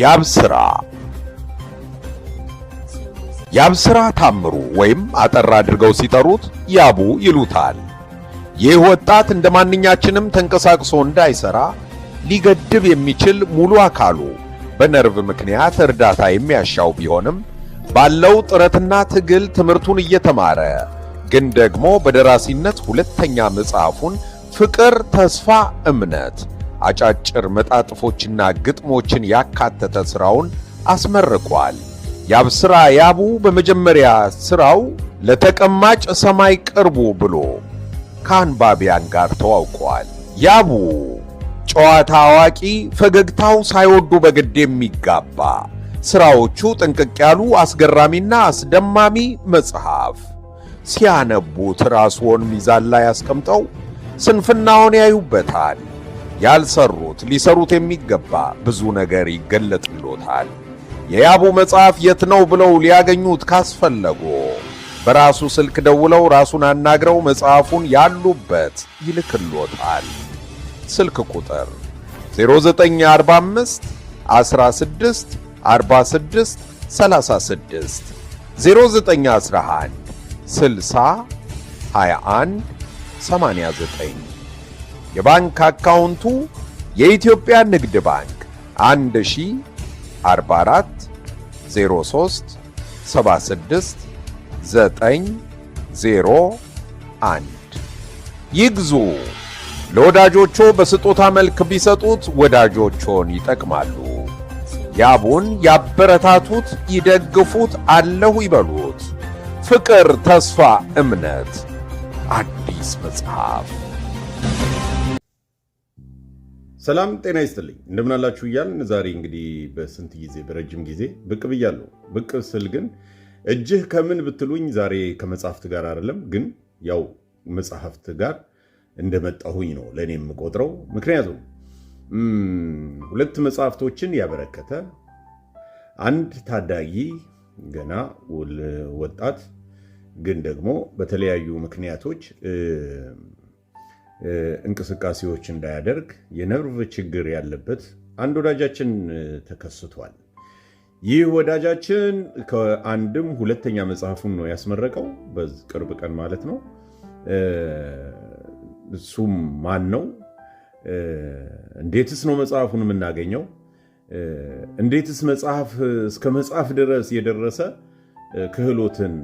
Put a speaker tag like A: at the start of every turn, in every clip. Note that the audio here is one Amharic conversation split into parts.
A: ያብስራ ያብስራ ታምሩ ወይም አጠር አድርገው ሲጠሩት ያቡ ይሉታል። ይህ ወጣት እንደ ማንኛችንም ተንቀሳቅሶ እንዳይሰራ ሊገድብ የሚችል ሙሉ አካሉ በነርቭ ምክንያት እርዳታ የሚያሻው ቢሆንም ባለው ጥረትና ትግል ትምህርቱን እየተማረ ግን ደግሞ በደራሲነት ሁለተኛ መጽሐፉን ፍቅር፣ ተስፋ፣ እምነት አጫጭር መጣጥፎችና ግጥሞችን ያካተተ ሥራውን አስመርቋል። ያብስራ ያቡ በመጀመሪያ ሥራው ለተቀማጭ ሰማይ ቅርቡ ብሎ ከአንባቢያን ጋር ተዋውቋል። ያቡ ጨዋታ አዋቂ፣ ፈገግታው ሳይወዱ በግድ የሚጋባ ሥራዎቹ ጥንቅቅ ያሉ አስገራሚና አስደማሚ መጽሐፍ ሲያነቡት ራስዎን ሚዛን ላይ አስቀምጠው ስንፍናውን ያዩበታል። ያልሰሩት ሊሰሩት የሚገባ ብዙ ነገር ይገለጥሎታል። የያቡ መጽሐፍ የት ነው ብለው ሊያገኙት ካስፈለጎ በራሱ ስልክ ደውለው ራሱን አናግረው መጽሐፉን ያሉበት ይልክሎታል። ስልክ ቁጥር 0945 16 46 36 0911 60 21 89 የባንክ አካውንቱ የኢትዮጵያ ንግድ ባንክ 1044 03 76 9 ይግዙ። ለወዳጆቹ በስጦታ መልክ ቢሰጡት ወዳጆቹን ይጠቅማሉ። ያቡን ያበረታቱት፣ ይደግፉት፣ አለሁ ይበሉት። ፍቅር፣ ተስፋ፣ እምነት አዲስ መጽሐፍ
B: ሰላም ጤና ይስጥልኝ እንደምናላችሁ እያልን ዛሬ እንግዲህ በስንት ጊዜ በረጅም ጊዜ ብቅ ብያለሁ። ብቅ ስል ግን እጅህ ከምን ብትሉኝ ዛሬ ከመጽሐፍት ጋር አይደለም፣ ግን ያው መጽሐፍት ጋር እንደመጣሁኝ ነው ለእኔ የምቆጥረው። ምክንያቱም ሁለት መጽሐፍቶችን ያበረከተ አንድ ታዳጊ ገና ወጣት ግን ደግሞ በተለያዩ ምክንያቶች እንቅስቃሴዎች እንዳያደርግ የነርቭ ችግር ያለበት አንድ ወዳጃችን ተከስቷል። ይህ ወዳጃችን ከአንድም ሁለተኛ መጽሐፉን ነው ያስመረቀው፣ በቅርብ ቀን ማለት ነው። እሱም ማን ነው? እንዴትስ ነው መጽሐፉን የምናገኘው? እንዴትስ መጽሐፍ እስከ መጽሐፍ ድረስ የደረሰ ክህሎትን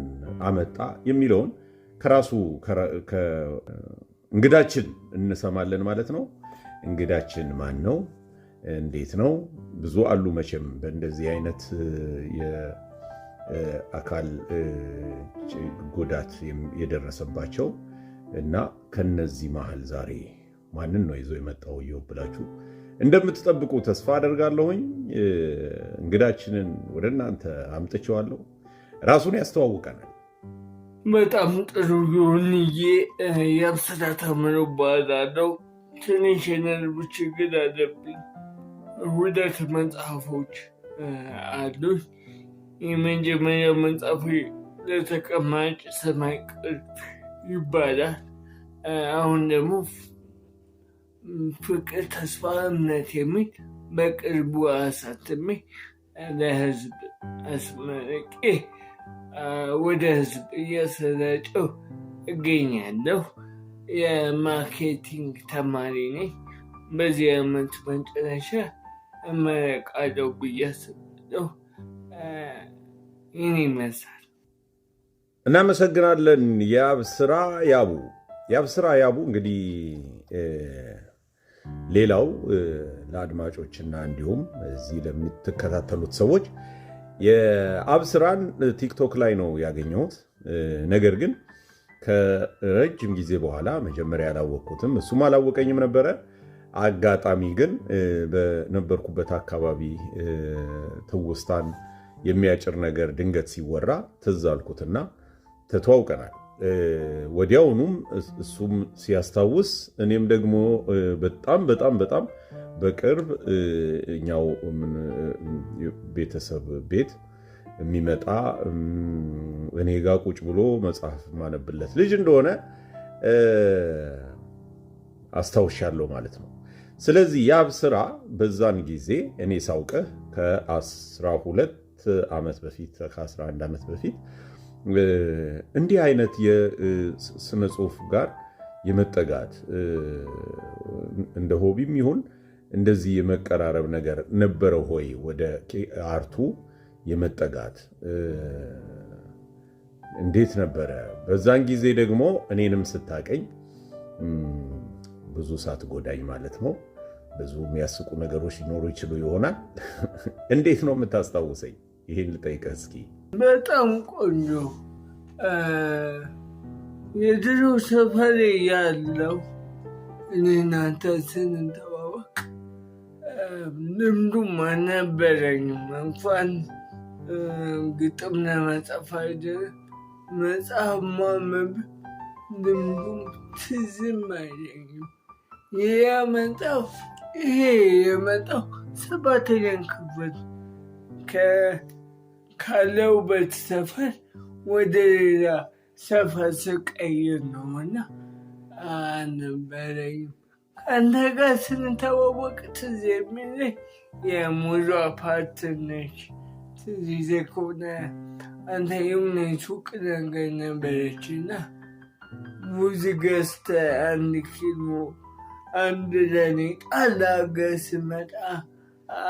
B: አመጣ የሚለውን ከራሱ እንግዳችን እንሰማለን ማለት ነው። እንግዳችን ማን ነው? እንዴት ነው? ብዙ አሉ መቼም በእንደዚህ አይነት የአካል ጉዳት የደረሰባቸው እና ከነዚህ መሀል ዛሬ ማንን ነው ይዞ የመጣው የው ብላችሁ እንደምትጠብቁ ተስፋ አደርጋለሁኝ። እንግዳችንን ወደ እናንተ አምጥቼዋለሁ። ራሱን ያስተዋውቀናል።
C: በጣም ጥሩ ቢሆንዬ የአብስራ ተምሮ ባላለው ትንሽ የነርቭ ችግር አለብኝ። ሁለት መጽሐፎች አሉኝ። የመጀመሪያ መጽሐፍ ለተቀማጭ ሰማይ ቅርብ ይባላል። አሁን ደግሞ ፍቅር፣ ተስፋ፣ እምነት የሚል በቅርቡ አሳትሜ ለህዝብ አስመረቄ ወደ ህዝብ እያሰራጨው እገኛለሁ። የማርኬቲንግ ተማሪ ነኝ። በዚህ ዓመት መጨረሻ እመረቃለሁ ብዬ አስባለሁ። ይህን ይመስላል።
B: እናመሰግናለን። የአብስራ ያቡ የአብስራ ያቡ እንግዲህ ሌላው ለአድማጮችና እንዲሁም እዚህ ለሚትከታተሉት ሰዎች የአብስራን ቲክቶክ ላይ ነው ያገኘሁት። ነገር ግን ከረጅም ጊዜ በኋላ መጀመሪያ ያላወቅኩትም እሱም አላወቀኝም ነበረ። አጋጣሚ ግን በነበርኩበት አካባቢ ትውስታን የሚያጭር ነገር ድንገት ሲወራ ትዝ አልኩትና ተተዋውቀናል። ወዲያውኑም እሱም ሲያስታውስ እኔም ደግሞ በጣም በጣም በጣም በቅርብ እኛው ቤተሰብ ቤት የሚመጣ እኔ ጋ ቁጭ ብሎ መጽሐፍ ማነብለት ልጅ እንደሆነ አስታውሻለሁ ማለት ነው። ስለዚህ ያብ ስራ በዛን ጊዜ እኔ ሳውቀህ ከ12 ዓመት በፊት ከ11 ዓመት በፊት እንዲህ አይነት የስነ ጽሁፍ ጋር የመጠጋት እንደ ሆቢም ይሁን እንደዚህ የመቀራረብ ነገር ነበረ ሆይ? ወደ አርቱ የመጠጋት እንዴት ነበረ? በዛን ጊዜ ደግሞ እኔንም ስታቀኝ ብዙ ሰዓት ጎዳኝ ማለት ነው። ብዙ የሚያስቁ ነገሮች ሊኖሩ ይችሉ ይሆናል። እንዴት ነው የምታስታውሰኝ? ይህን ልጠይቅህ እስኪ።
C: በጣም ቆንጆ የድሮ ሰፈሬ ያለው እኔ እናንተ ስንተዋወቅ ልምዱም አልነበረኝም። እንኳን ግጥም ለመጻፍ አይደለም መጽሐፍ ማንበብ ልምዱም ትዝም አይለኝም። ይህ የመጣው ይሄ የመጣው ሰባተኛን ክፍል ካለውበት ሰፈር ወደ ሌላ ሰፈር ስቀይር ነው እና አልነበረኝም። አንተ ጋር ስንተዋወቅ ትዝ የሚል የሙሉ አፓርት ነች። ትዝ ይዘህ ከሆነ አንተ የሆነ ሱቅ ነገር ነበረች እና ሙዝ ገዝተህ አንድ ኪሎ አንድ ለኔ ጣል አድርገህ ስመጣ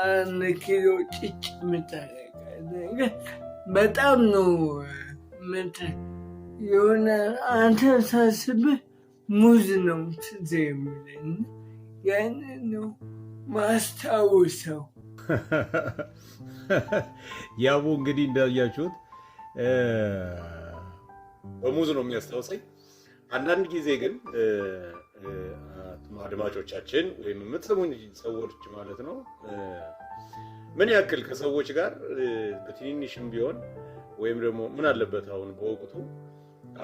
C: አንድ ኪሎ ጭጭ ምጠ በጣም ነው የሆነ አንተ ሳስብህ ሙዝ ነው ትዝ የሚለኝ። ያን ነው ማስታወሰው።
B: ያቡ እንግዲህ እንዳያችሁት በሙዝ ነው የሚያስታውሰኝ። አንዳንድ ጊዜ ግን አድማጮቻችን ወይም የምትሰሙኝ ሰዎች ማለት ነው ምን ያክል ከሰዎች ጋር በትንንሽም ቢሆን ወይም ደግሞ ምን አለበት አሁን በወቅቱ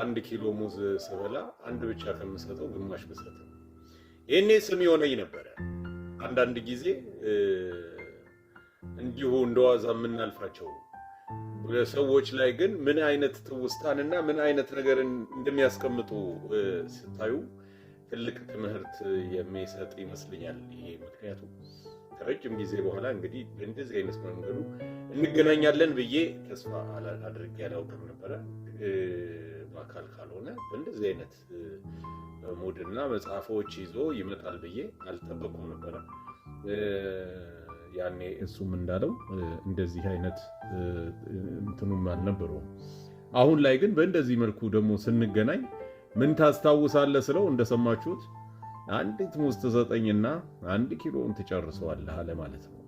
B: አንድ ኪሎ ሙዝ ስበላ አንድ ብቻ ከምሰጠው ግማሽ ብሰጠው ይህኔ ስም የሆነኝ ነበረ። አንዳንድ ጊዜ እንዲሁ እንደዋዛ የምናልፋቸው ሰዎች ላይ ግን ምን አይነት ትውስታንና ምን አይነት ነገርን እንደሚያስቀምጡ ስታዩ ትልቅ ትምህርት የሚሰጥ ይመስለኛል ይሄ ምክንያቱም ከረጅም ጊዜ በኋላ እንግዲህ እንደዚህ አይነት መንገዱ እንገናኛለን ብዬ ተስፋ አድርጌ አላውቅም ነበረ። በአካል ካልሆነ በእንደዚህ አይነት ሙድና መጽሐፎች ይዞ ይመጣል ብዬ አልጠበቁም ነበረ። ያኔ እሱም እንዳለው እንደዚህ አይነት እንትኑም አልነበረውም። አሁን ላይ ግን በእንደዚህ መልኩ ደግሞ ስንገናኝ ምን ታስታውሳለህ ስለው እንደሰማችሁት አንዲት ሙዝ ትሰጠኝና አንድ ኪሎን ትጨርሰዋለህ አለ ማለት ነው።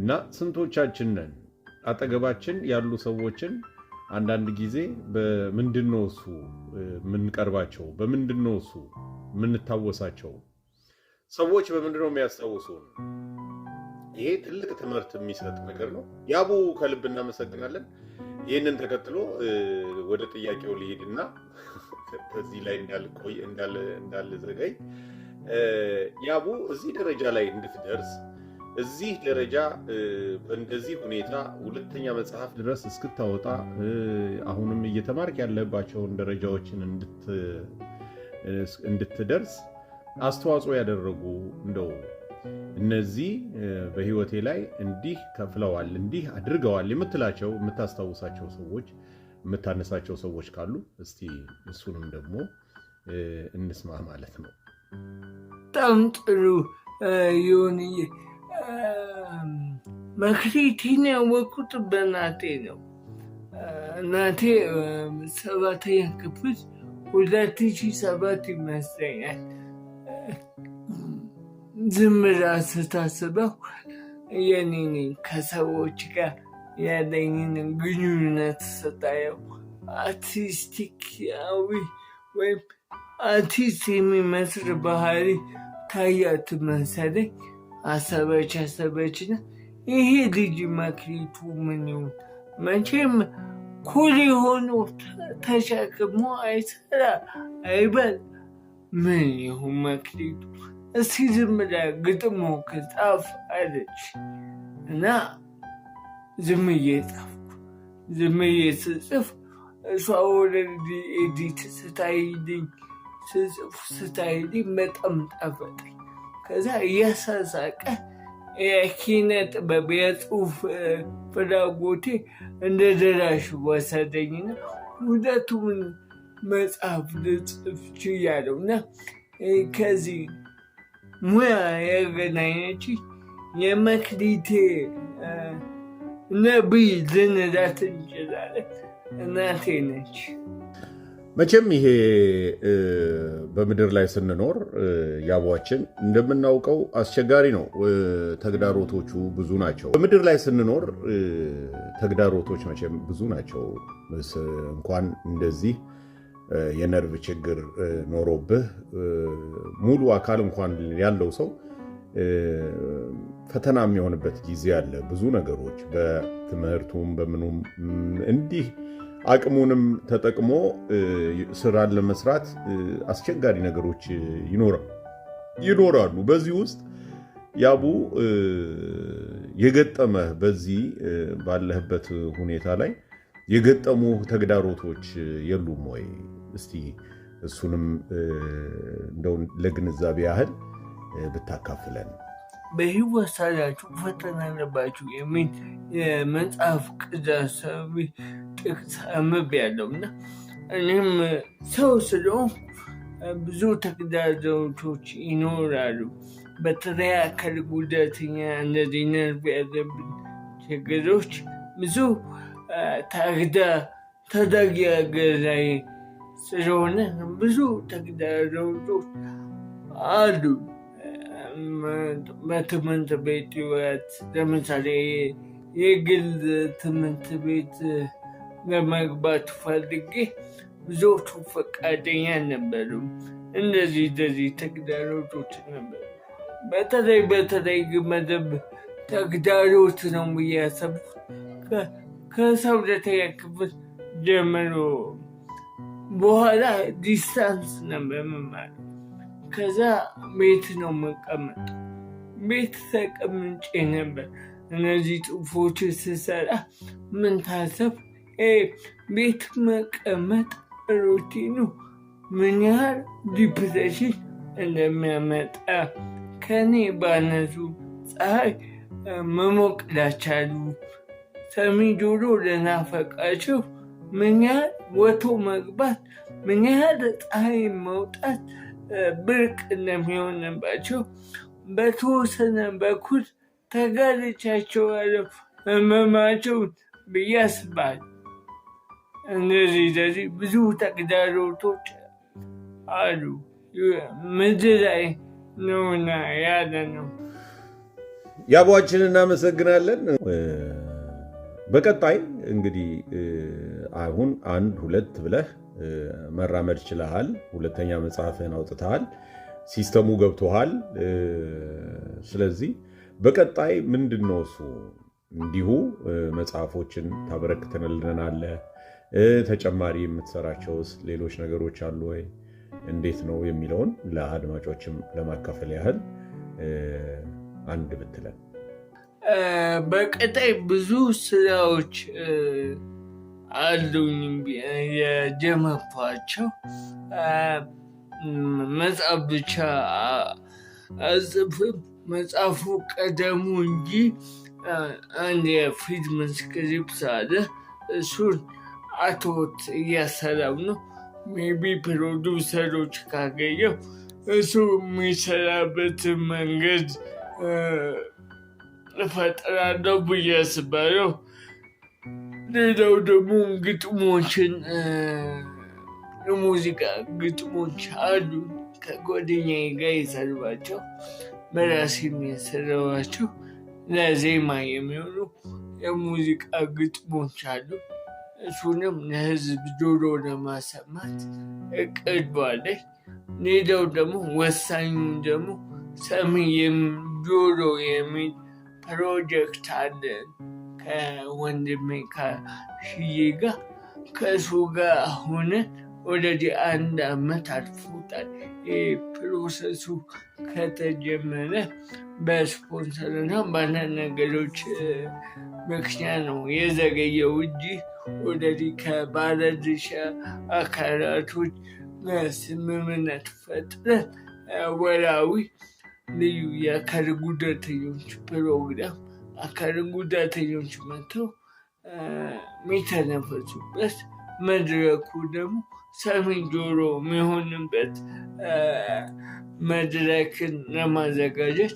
B: እና ስንቶቻችን ነን አጠገባችን ያሉ ሰዎችን አንዳንድ ጊዜ በምንድን ነው እሱ የምንቀርባቸው? በምንድን ነው እሱ የምንታወሳቸው? ሰዎች በምንድን ነው የሚያስታውሱን? ይሄ ትልቅ ትምህርት የሚሰጥ ነገር ነው። ያቡ ከልብ እናመሰግናለን። ይህንን ተከትሎ ወደ ጥያቄው ሊሄድና ከዚህ ላይ እንዳልቆይ እንዳልዘገይ ያቡ እዚህ ደረጃ ላይ እንድትደርስ እዚህ ደረጃ በእንደዚህ ሁኔታ ሁለተኛ መጽሐፍ ድረስ እስክታወጣ አሁንም እየተማርክ ያለባቸውን ደረጃዎችን እንድትደርስ አስተዋጽኦ ያደረጉ እንደው እነዚህ በህይወቴ ላይ እንዲህ ከፍለዋል፣ እንዲህ አድርገዋል የምትላቸው የምታስታውሳቸው ሰዎች የምታነሳቸው ሰዎች ካሉ እስቲ እሱንም ደግሞ እንስማ ማለት ነው።
C: በጣም ጥሩ ይሁንዬ። መክሊቴን ያወቅኩት በእናቴ ነው። እናቴ ሰባተኛ ክፍል ሁለት ሺህ ሰባት ይመስለኛል ዝምራ ስታስበው የኔ ከሰዎች ጋር ያለኝን ግንኙነት ስታየው አርቲስቲካዊ ወይም አርቲስት የሚመስል ባህሪ ታያት መሰለኝ። አሰበች አሰበችና ይሄ ልጅ መክሊቱ ምን ይሆን መቼም ኩል የሆኑ ተሸክሞ አይሰራ አይበል ምን ይሁን መክሊቱ እስኪ ዝም ብላ ግጥሞ ክጻፍ አለች እና ዝም እየጻፍኩ ዝም እየስጽፍ እሷ ወደ ኤዲት ስታይልኝ ስጽፍ ስታይልኝ በጣም ጣፈጠኝ። ከዛ እያሳሳቀ የኪነ ጥበብ የጽሁፍ ፍላጎቴ እንደ ደራሽ ወሰደኝና ሁለቱም መጽሐፍ ልጽፍ ችያለሁ እና ከዚህ ሙያ ያገናኘች የመክሊቴ ነቢይ ልንላት እንችላለን። እናቴ ነች።
B: መቼም ይሄ በምድር ላይ ስንኖር ያቧችን እንደምናውቀው አስቸጋሪ ነው። ተግዳሮቶቹ ብዙ ናቸው። በምድር ላይ ስንኖር ተግዳሮቶች መቼም ብዙ ናቸው። እንኳን እንደዚህ የነርቭ ችግር ኖሮብህ ሙሉ አካል እንኳን ያለው ሰው ፈተና የሚሆንበት ጊዜ አለ። ብዙ ነገሮች በትምህርቱም በምኑም እንዲህ አቅሙንም ተጠቅሞ ስራን ለመስራት አስቸጋሪ ነገሮች ይኖራሉ። በዚህ ውስጥ ያቡ የገጠመህ በዚህ ባለህበት ሁኔታ ላይ የገጠሙ ተግዳሮቶች የሉም ወይ? እስቲ እሱንም እንደው ለግንዛቤ ያህል ብታካፍለን።
C: በህይወት ሳላችሁ ፈተና አለባችሁ የሚል የመጽሐፍ ቅዳሳዊ ጥቅስ አመብ ያለው እና እኔም ሰው ስለሆንኩ ብዙ ተግዳሮቶች ይኖራሉ። በተለይ አካል ጉዳተኛ እንደዚህ ነርቭ ያለብን ችግሮች ብዙ ታግዳ ታዳጊ ሀገር ላይ ስለሆነ ብዙ ተግዳሮቶች አሉ። በትምህርት ቤት ህይወት ለምሳሌ የግል ትምህርት ቤት ለመግባት ፈልጌ ብዙዎቹ ፈቃደኛ ነበሩ። እንደዚህ እንደዚህ ተግዳሮቶች ነበሩ። በተለይ በተለይ ግመደብ ተግዳሮት ነው ብያሰብኩ ከሰው ክፍል ጀምሮ በኋላ ዲስታንስ ነበር መማር ከዛ ቤት ነው መቀመጥ። ቤት ተቀምጬ ነበር። እነዚህ ጽሁፎች ስሰራ ምን ታሰብ ቤት መቀመጥ ሩቲኑ ምን ያህል ዲፕሬሽን እንደሚያመጣ ከኔ ባነሱ ፀሐይ መሞቅ ላቻሉ ሰሚ ጆሮ ለናፈቃቸው ምን ያህል ወቶ መግባት ምን ያህል ፀሐይ መውጣት ብርቅ እንደሚሆን በተወሰነ በኩል ተጋርቻቸዋለሁ ህመማቸውን ብዬ አስባለሁ። እነዚህ ብዙ ተግዳሮቶች አሉ። ምድር ላይ ነውና ያለ ነው።
B: ያቧችን እናመሰግናለን። በቀጣይ እንግዲህ አሁን አንድ ሁለት ብለህ መራመድ ችለሃል። ሁለተኛ መጽሐፍህን አውጥተሃል። ሲስተሙ ገብቶሃል። ስለዚህ በቀጣይ ምንድን ነው እሱ እንዲሁ መጽሐፎችን ታበረክተንልናለህ። ተጨማሪ የምትሰራቸውስ ሌሎች ነገሮች አሉ ወይ እንዴት ነው የሚለውን ለአድማጮችም ለማካፈል ያህል አንድ ብትለን
C: በቀጣይ ብዙ ስራዎች አሉኝ የጀመርኳቸው መጽሐፍ ብቻ አጽፍም። መጽሐፉ ቀደሙ እንጂ አንድ የፊት ስክሪፕት አለ። እሱን አቶት እያሰራው ነው። ሜቢ ፕሮዲውሰሮች ካገኘው እሱ የሚሰራበትን መንገድ እፈጥራለሁ ብዬ አስባለሁ። ሌላው ደግሞ ግጥሞችን የሙዚቃ ግጥሞች አሉ። ከጓደኛዬ ጋር የሰርባቸው በራሴ የሚያሰራኋቸው ለዜማ የሚሆኑ የሙዚቃ ግጥሞች አሉ። እሱንም ለህዝብ ጆሮ ለማሰማት እቅድ አለኝ። ሌላው ደግሞ ወሳኙ ደግሞ ሰሚ ጆሮ የሚል ፕሮጀክት አለን። ከወንድሜ ከሽዬ ጋር ከእሱ ጋር ሆነን ወደዲ አንድ አመት አልፎታል። ፕሮሰሱ ከተጀመረ በስፖንሰር በስፖንሰርና በአንዳንድ ነገሮች ምክንያት ነው የዘገየው እንጂ ወደዲ ከባለድርሻ አካላቶች ስምምነት ፈጥረን ወራዊ ልዩ የአካል ጉዳተኞች ፕሮግራም አካል ጉዳተኞች መጥተው የሚተነፈሱበት መድረኩ ደግሞ ሰሜን ጆሮ የሚሆንበት መድረክን ለማዘጋጀት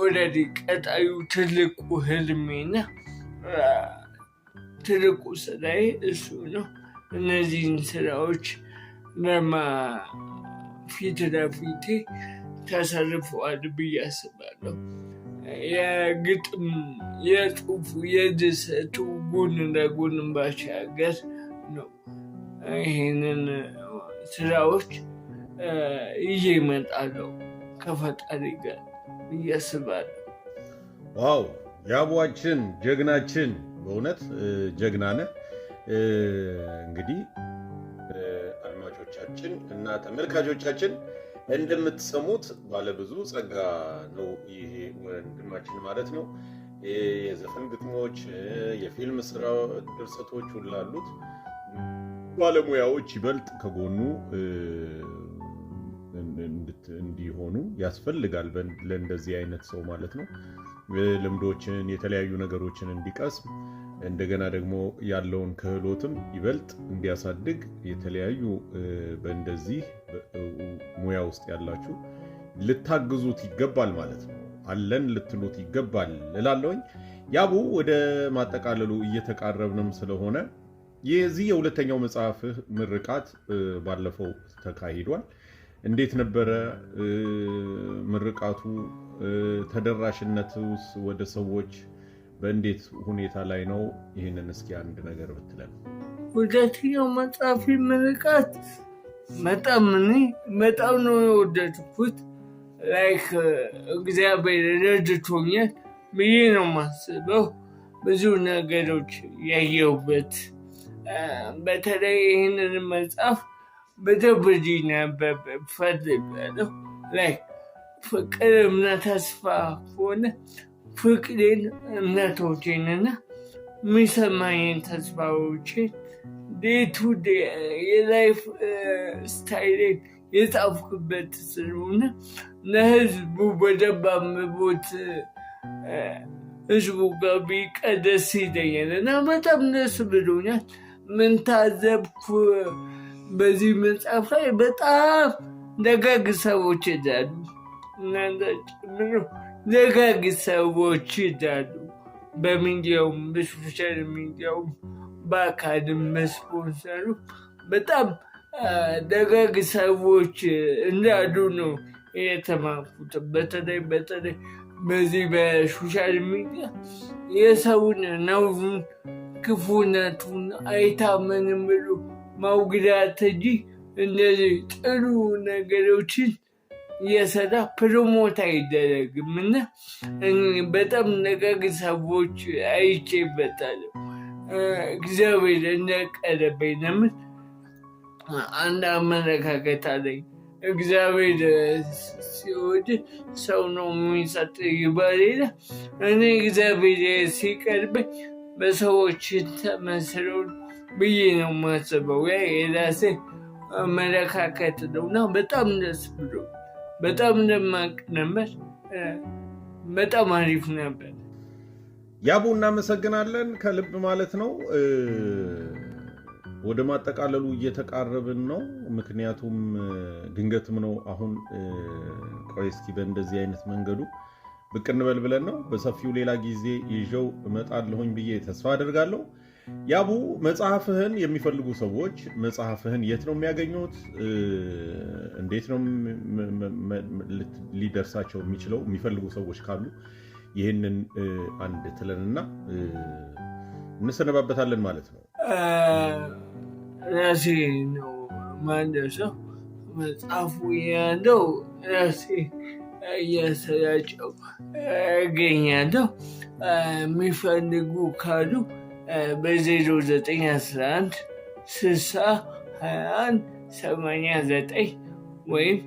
C: ኦልሬዲ ቀጣዩ ትልቁ ህልሜና ትልቁ ስራዬ እሱ ነው። እነዚህን ስራዎች ለማፊትለፊቴ ለፊቴ ተሰርፈዋል ብዬ አስባለሁ። የግጥም የጽሁፉ የድሰቱ ጎን ለጎን ባሻገር ነው ይህንን ስራዎች ይዤ እመጣለሁ ከፈጣሪ ጋር እያስባለሁ።
B: ዋው የአቧችን ጀግናችን፣ በእውነት ጀግና ነህ። እንግዲህ አድማጮቻችን እና ተመልካቾቻችን እንደምትሰሙት ባለብዙ ጸጋ ነው ይሄ ወንድማችን ማለት ነው። የዘፈን ግጥሞች፣ የፊልም ስራ ድርሰቶች ሁላሉት ባለሙያዎች ይበልጥ ከጎኑ እንዲሆኑ ያስፈልጋል። ለእንደዚህ አይነት ሰው ማለት ነው ልምዶችን የተለያዩ ነገሮችን እንዲቀስም እንደገና ደግሞ ያለውን ክህሎትም ይበልጥ እንዲያሳድግ የተለያዩ በእንደዚህ ሙያ ውስጥ ያላችሁ ልታግዙት ይገባል ማለት ነው። አለን ልትሉት ይገባል እላለሁኝ። ያቡ ወደ ማጠቃለሉ እየተቃረብንም ስለሆነ የዚህ የሁለተኛው መጽሐፍህ ምርቃት ባለፈው ተካሂዷል። እንዴት ነበረ ምርቃቱ? ተደራሽነትስ ወደ ሰዎች በእንዴት ሁኔታ ላይ ነው? ይህንን እስኪ አንድ ነገር ብትለን።
C: ወደትኛው መጽሐፊ ምርቃት በጣም እኔ በጣም ነው የወደድኩት። ላይክ እግዚአብሔር ረድቶኛል ብዬ ነው የማስበው። ብዙ ነገሮች ያየሁበት በተለይ ይህንን መጽሐፍ በደንብ ነበር እፈልጋለሁ። ላይክ ፍቅርና ተስፋ ሆነ ፍቅሬን፣ እምነቶቼንና የሚሰማኝን ተስፋዎቼን ዴቱ የላይፍ ስታይሌን የጻፍኩበት ስለሆነ ለህዝቡ በደንብ አንብቦት ህዝቡ ጋር ቢቀደስ ይለኛል እና በጣም ደስ ብሎኛል። ምን ታዘብኩ በዚህ መጽሐፍ ላይ በጣም ደጋግ ሰዎች ይዛሉ እናንተ ጭምሮ ደጋግ ሰዎች ይዳሉ። በሚዲያውም በሶሻል ሚዲያውም በአካልም መስፖንሰሩ በጣም ደጋግ ሰዎች እንዳሉ ነው የተማርኩት። በተለይ በተለይ በዚህ በሶሻል ሚዲያ የሰውን ነውሩን፣ ክፉነቱን አይታመንም ብሎ ማውግዳት እንጂ እንደዚህ ጥሩ ነገሮችን እየሰራ ፕሮሞት አይደረግም እና በጣም ነቀግ ሰዎች አይቼበታለሁ። እግዚአብሔር እንደቀረበኝ ለምን አንድ አመለካከት አለኝ። እግዚአብሔር ሲወድ ሰው ነው የሚሰጥ ይባላል። እኔ እግዚአብሔር ሲቀርበኝ በሰዎች ተመስለው ብዬ ነው የማስበው። የራሴ አመለካከት ነው እና በጣም ደስ ብሎ በጣም ደማቅ ነበር። በጣም አሪፍ ነበር።
B: ያቡ እናመሰግናለን፣ ከልብ ማለት ነው። ወደ ማጠቃለሉ እየተቃረብን ነው። ምክንያቱም ድንገትም ነው አሁን ቆይ እስኪ በእንደዚህ አይነት መንገዱ ብቅ እንበል ብለን ነው። በሰፊው ሌላ ጊዜ ይዤው እመጣለሁኝ ብዬ ተስፋ አደርጋለሁ። ያቡ መጽሐፍህን የሚፈልጉ ሰዎች መጽሐፍህን የት ነው የሚያገኙት? እንዴት ነው ሊደርሳቸው የሚችለው? የሚፈልጉ ሰዎች ካሉ ይህንን አንድ ትለንና እንሰነባበታለን ማለት ነው።
C: ራሴ ነው ማንደርሰው መጽሐፉ ያለው ራሴ እያሰራጨው እገኛለሁ። የሚፈልጉ ካሉ በ0911 60 21 89 ወይም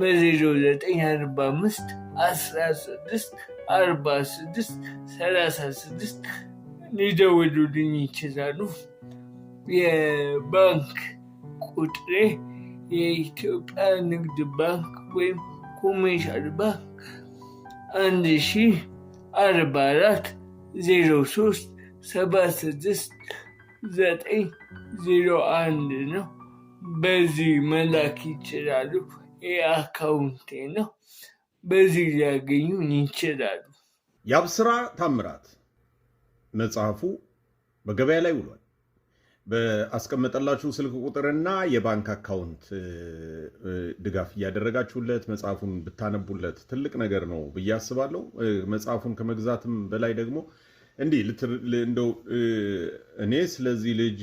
C: በ0945 16 46 36 ሊደውሉልኝ ይችላሉ። የባንክ ቁጥሬ የኢትዮጵያ ንግድ ባንክ ወይም ኮሜርሻል ባንክ አንድ ሺህ አርባ አራት ዜሮ ሶስት ሰባት ዘጠኝ ዜሮ አንድ ነው። በዚህ መላክ ይችላሉ። የአካውንቴ ነው። በዚህ ሊያገኙን ይችላሉ።
B: የአብስራ ታምራት መጽሐፉ በገበያ ላይ ውሏል። በአስቀመጠላችሁ ስልክ ቁጥርና የባንክ አካውንት ድጋፍ እያደረጋችሁለት መጽሐፉን ብታነቡለት ትልቅ ነገር ነው ብዬ አስባለሁ። መጽሐፉን ከመግዛትም በላይ ደግሞ እንዲህ እንደው እኔ ስለዚህ ልጅ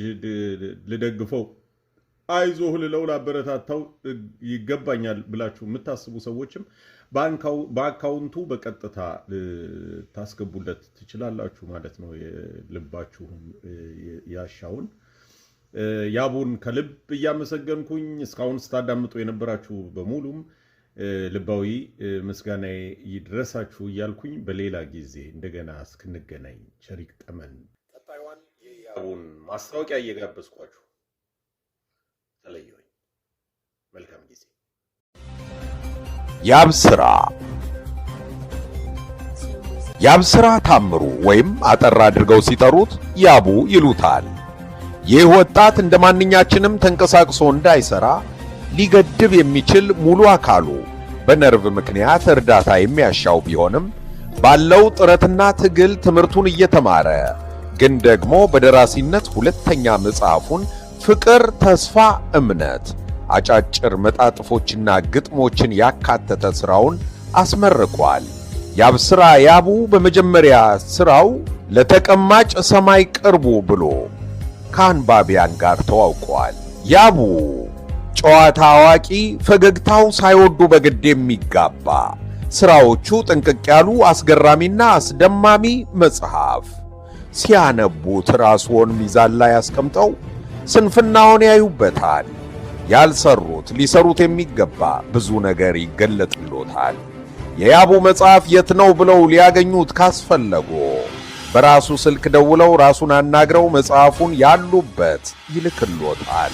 B: ልደግፈው አይዞህ ልለው ላበረታታው ይገባኛል ብላችሁ የምታስቡ ሰዎችም በአካውንቱ በቀጥታ ታስገቡለት ትችላላችሁ ማለት ነው። ልባችሁን ያሻውን ያቡን ከልብ እያመሰገንኩኝ እስካሁን ስታዳምጡ የነበራችሁ በሙሉም ልባዊ ምስጋና ይድረሳችሁ እያልኩኝ በሌላ ጊዜ እንደገና እስክንገናኝ ቸሪክ ጠመን ቀጣዩን የያቡን ማስታወቂያ እየጋበዝኳችሁ ተለየሁኝ። መልካም ጊዜ።
A: ያብስራ ስራ ታምሩ ወይም አጠር አድርገው ሲጠሩት ያቡ ይሉታል። ይህ ወጣት እንደ ማንኛችንም ተንቀሳቅሶ እንዳይሰራ ሊገድብ የሚችል ሙሉ አካሉ በነርቭ ምክንያት እርዳታ የሚያሻው ቢሆንም ባለው ጥረትና ትግል ትምህርቱን እየተማረ ግን ደግሞ በደራሲነት ሁለተኛ መጽሐፉን ፍቅር፣ ተስፋ፣ እምነት አጫጭር መጣጥፎችና ግጥሞችን ያካተተ ሥራውን አስመርቋል። ስራ ያቡ በመጀመሪያ ሥራው ለተቀማጭ ሰማይ ቅርቡ ብሎ ከአንባቢያን ጋር ተዋውቋል። ያቡ ጨዋታ አዋቂ፣ ፈገግታው ሳይወዱ በግድ የሚጋባ ስራዎቹ ጥንቅቅ ያሉ አስገራሚና አስደማሚ መጽሐፍ ሲያነቡት ራስዎን ሚዛን ላይ አስቀምጠው ስንፍናውን ያዩበታል። ያልሰሩት ሊሰሩት የሚገባ ብዙ ነገር ይገለጥሎታል። የያቡ መጽሐፍ የት ነው ብለው ሊያገኙት ካስፈለጎ! በራሱ ስልክ ደውለው ራሱን አናግረው መጽሐፉን ያሉበት ይልክሎታል።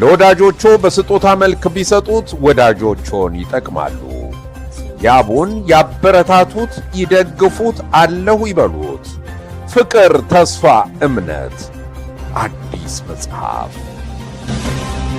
A: ለወዳጆቹ በስጦታ መልክ ቢሰጡት ወዳጆቹን ይጠቅማሉ። ያቡን ያበረታቱት፣ ይደግፉት፣ አለሁ ይበሉት። ፍቅር፣ ተስፋ፣ እምነት አዲስ መጽሐፍ